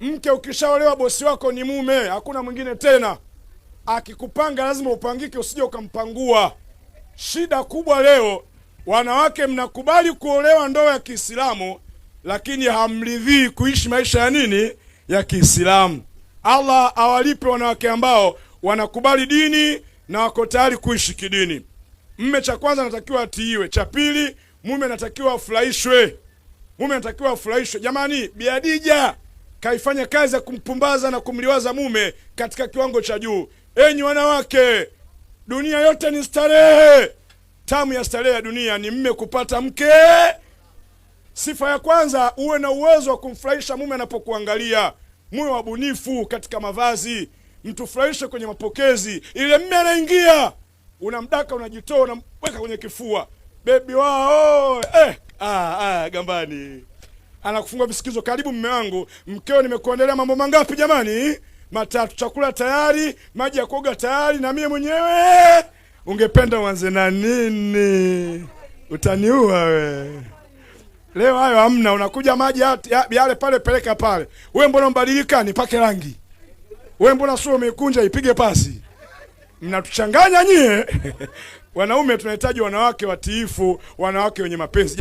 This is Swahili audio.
Mke ukishaolewa bosi wako ni mume, hakuna mwingine tena. Akikupanga lazima upangike, usije ukampangua. Shida kubwa leo, wanawake mnakubali kuolewa ndoa ya Kiislamu, lakini hamridhii kuishi maisha ya nini, ya Kiislamu. Allah awalipe wanawake ambao wanakubali dini na wako tayari kuishi kidini. Mme cha kwanza anatakiwa atiiwe, cha pili mume anatakiwa afurahishwe, mume anatakiwa afurahishwe. Jamani, biadija kaifanya kazi ya kumpumbaza na kumliwaza mume katika kiwango cha juu. Enyi wanawake, dunia yote ni starehe. Tamu ya starehe ya dunia ni mme kupata mke. Sifa ya kwanza, uwe na uwezo wa kumfurahisha mume anapokuangalia. Muwe wabunifu katika mavazi, mtufurahishe kwenye mapokezi. Ile mme anaingia, unamdaka, unajitoa, unamweka kwenye kifua, bebi wao, eh, ah, ah, gambani anakufungua visikizo. Karibu mme wangu, mkeo, nimekuandalia mambo mangapi jamani? Matatu. Chakula tayari, maji ya kuoga tayari, na mie mwenyewe. Ungependa uanze na nini? Utaniua we leo. Hayo hamna, unakuja maji yale pale, peleka pale. We mbona mbadilika? Nipake rangi. We mbona sura umeikunja? Ipige pasi. Mnatuchanganya nyie. Wanaume tunahitaji wanawake watiifu, wanawake wenye mapenzi.